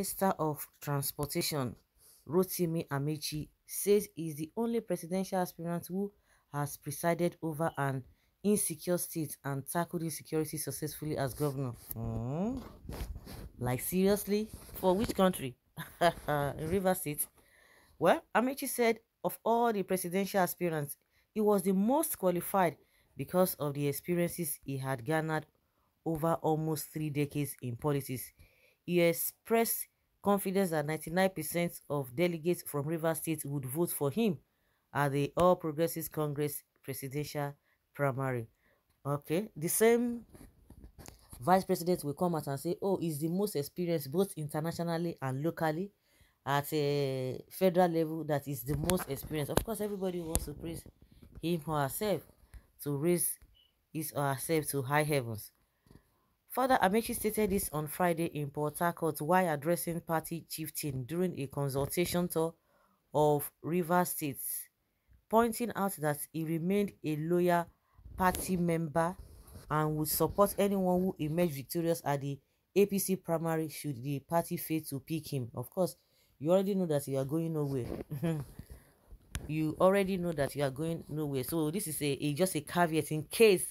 Minister of Transportation, Rotimi Amechi says he is the only presidential aspirant who has presided over an insecure state and tackled insecurity successfully as governor. Mm. Like seriously? For which country? River State? Well, Amechi said of all the presidential aspirants, he was the most qualified because of the experiences he had garnered over almost three decades in politics. He expressed confidence that 99% of delegates from River State would vote for him at the All Progressives Congress presidential primary. Okay, the same vice president will come out and say, Oh, he's the most experienced both internationally and locally at a federal level that is the most experienced. Of course, everybody wants to praise him or herself to raise his or herself to high heavens. Father Amechi stated this on Friday in Port Harcourt while addressing party chieftain during a consultation tour of River States, pointing out that he remained a loyal party member and would support anyone who emerged victorious at the APC primary should the party fail to pick him. Of course, you already know that you are going nowhere. you already know that you are going nowhere. So this is a, a just a caveat in case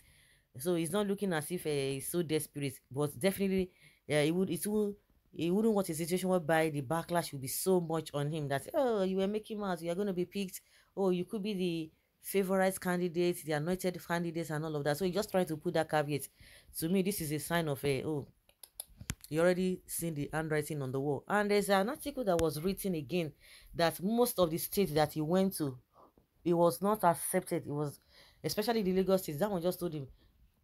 so he's not looking as if uh, he's so desperate, but definitely, yeah, he would it would he wouldn't want a situation whereby the backlash would be so much on him that oh you were making out you are going to be picked oh you could be the favorite candidate the anointed candidates and all of that so he just trying to put that caveat to me this is a sign of a eh, oh you already seen the handwriting on the wall and there's an article that was written again that most of the states that he went to it was not accepted it was especially the lagos states that one just told him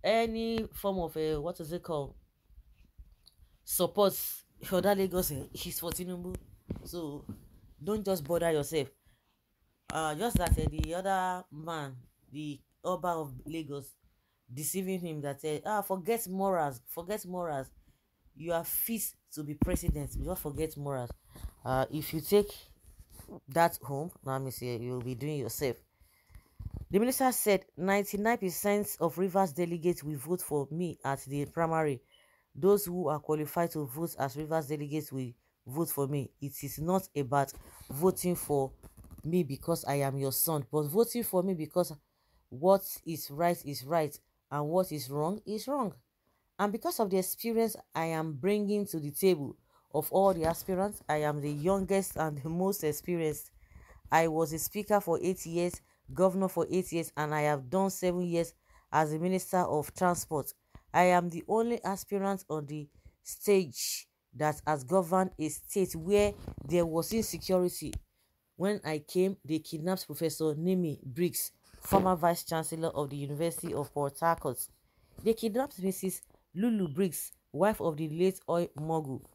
any form of a eh, what is it called support for that Lagos eh, he's for Tinubu so don't just bother yourself uh, just that uh, the other man the Oba of Lagos deceiving him that uh, ah forget morals forget morals you are fit to be president Just forget morals uh, if you take that home now me say you will be doing yourself The minister said 99% of Rivers delegates will vote for me at the primary. Those who are qualified to vote as Rivers delegates will vote for me. It is not about voting for me because I am your son, but voting for me because what is right is right and what is wrong is wrong. And because of the experience I am bringing to the table of all the aspirants, I am the youngest and the most experienced. I was a speaker for eight years governor for eight years and I have done seven years as the Minister of Transport. I am the only aspirant on the stage that has governed a state where there was insecurity. When I came, they kidnapped Professor Nimi Briggs, former Vice Chancellor of the University of Port Harcourt. They kidnapped Mrs. Lulu Briggs, wife of the late oil mogul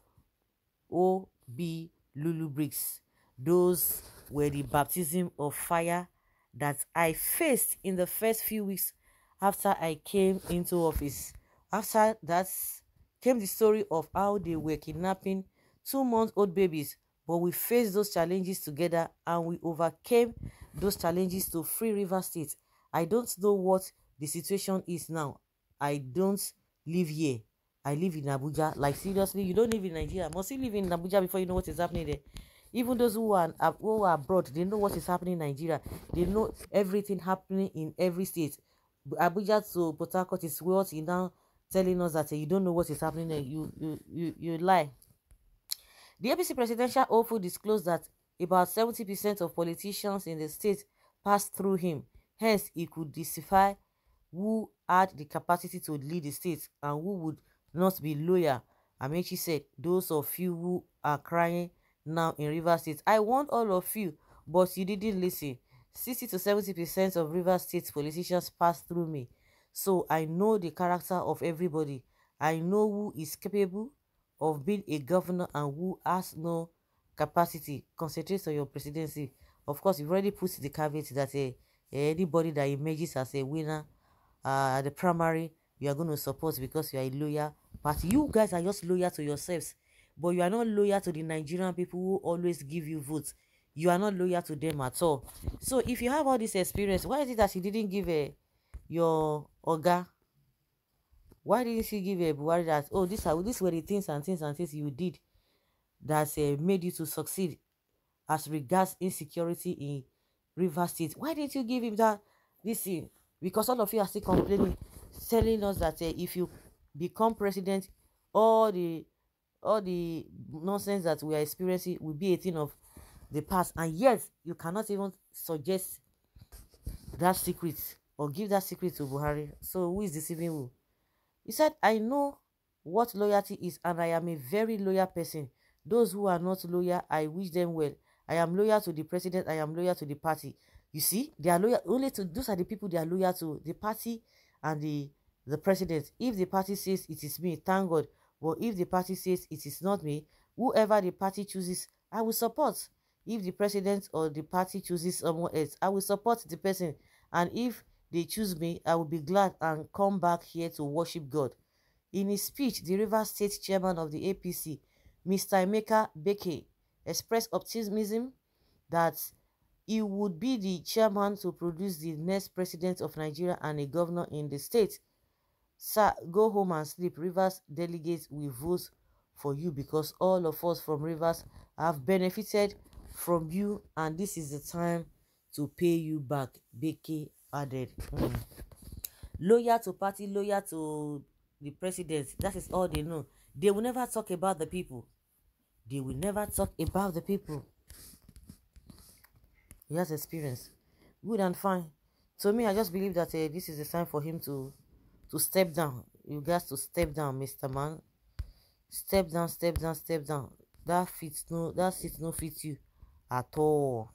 B Lulu Briggs. Those were the baptism of fire that I faced in the first few weeks after I came into office. After that came the story of how they were kidnapping two-month-old babies, but we faced those challenges together and we overcame those challenges to free River State. I don't know what the situation is now. I don't live here. I live in Abuja. Like seriously, you don't live in Nigeria. Must you live in Abuja before you know what is happening there? even those who are uh, who are abroad they know what is happening in nigeria they know everything happening in every state abuja to port harcourt is what he now telling us that uh, you don't know what is happening there. Eh, you you you, you lie the apc presidential hopeful disclosed that about 70 percent of politicians in the state passed through him hence he could decipher who had the capacity to lead the state and who would not be loyal amechi said those of you who are crying now in River State. I want all of you, but you didn't listen. 60 to 70 percent of River State politicians pass through me. So I know the character of everybody. I know who is capable of being a governor and who has no capacity. Concentrate on your presidency. Of course, you've already put the caveat that uh, anybody that emerges as a winner uh, at the primary, you are going to support because you are a lawyer. But you guys are just loyal to yourselves but you are not loyal to the Nigerian people who always give you votes you are not loyal to them at all so if you have all this experience why is it that you didn't give a eh, your oga why didn't you give a eh, Buhari that oh this are these were the things and things and things you did that uh, made you to succeed as regards insecurity in Rivers State why didn't you give him that this thing because all of you are still complaining telling us that uh, if you become president all the all the nonsense that we are experiencing will be a thing of the past and yet you cannot even suggest that secret or give that secret to buhari so who is deceiving who he said i know what loyalty is and i am a very loyal person those who are not loyal i wish them well i am loyal to the president i am loyal to the party you see they are loyal only to those are the people they are loyal to the party and the the president if the party says it is me thank god But if the party says it is not me, whoever the party chooses, I will support. If the president or the party chooses someone else, I will support the person. And if they choose me, I will be glad and come back here to worship God. In his speech, the River State chairman of the APC, Mr. Emeka Beke, expressed optimism that he would be the chairman to produce the next president of Nigeria and a governor in the state. Sir, go home and sleep. Rivers delegates will vote for you because all of us from Rivers have benefited from you and this is the time to pay you back, Becky added. Mm. Loyal to party, loyal to the president. That is all they know. They will never talk about the people. They will never talk about the people. He has experience. Good and fine. To me, I just believe that uh, this is a sign for him to to step down. You got to step down, Mr. Man. Step down, step down, step down. That fits no that seat no fit you at all.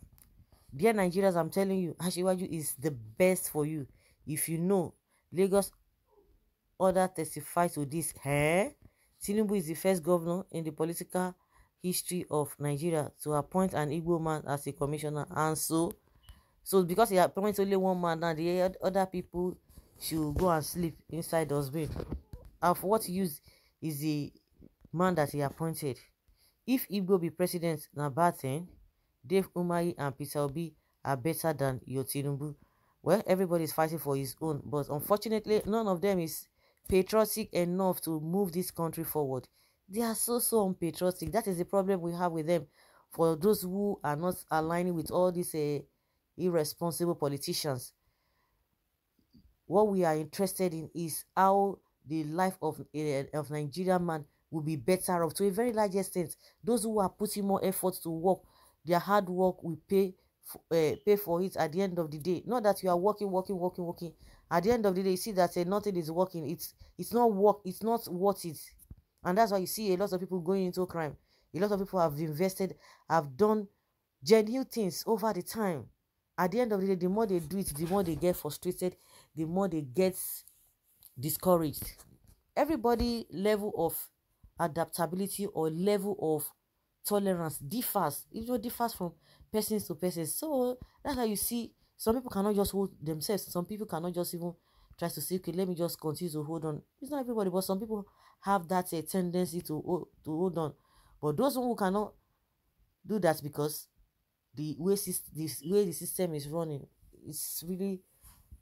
Dear Nigerians, I'm telling you, Ashiwaju is the best for you. If you know, Lagos order testify to this. Eh? Tinubu is the first governor in the political history of Nigeria to appoint an Igbo man as a commissioner. And so, so because he appoints only one man, now the other people she will go and sleep inside dustbin. Of what use is the man that he appointed? If Igbo be president na bad thing, Dave Umahi and Peter Obi are better than your Well, everybody is fighting for his own, but unfortunately, none of them is patriotic enough to move this country forward. They are so, so unpatriotic. That is the problem we have with them. For those who are not aligning with all these uh, irresponsible politicians, what we are interested in is how the life of a, eh, of Nigerian man will be better off to a very large extent. Those who are putting more effort to work, their hard work will pay for, uh, eh, pay for it at the end of the day. Not that you are working, working, working, working. At the end of the day, you see that uh, nothing is working. It's it's not work. It's not worth it, and that's why you see a lot of people going into crime. A lot of people have invested, have done genuine things over the time. At the end of the day, the more they do it, the more they get frustrated, the more they get discouraged everybody level of adaptability or level of tolerance differs it just differs from person to person so that's why you see some people cannot just hold themselves some people cannot just even try to say okay let me just continue to hold on it's not everybody but some people have that uh, tendency to hold, to hold on but those who cannot do that because the way the way the system is running it's really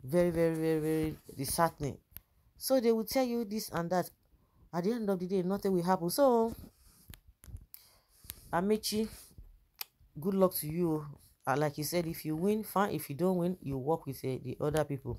very very very very disheartening so they will tell you this and that at the end of the day nothing will happen so amechi good luck to you uh, like you said if you win fine if you don't win you work with uh, the other people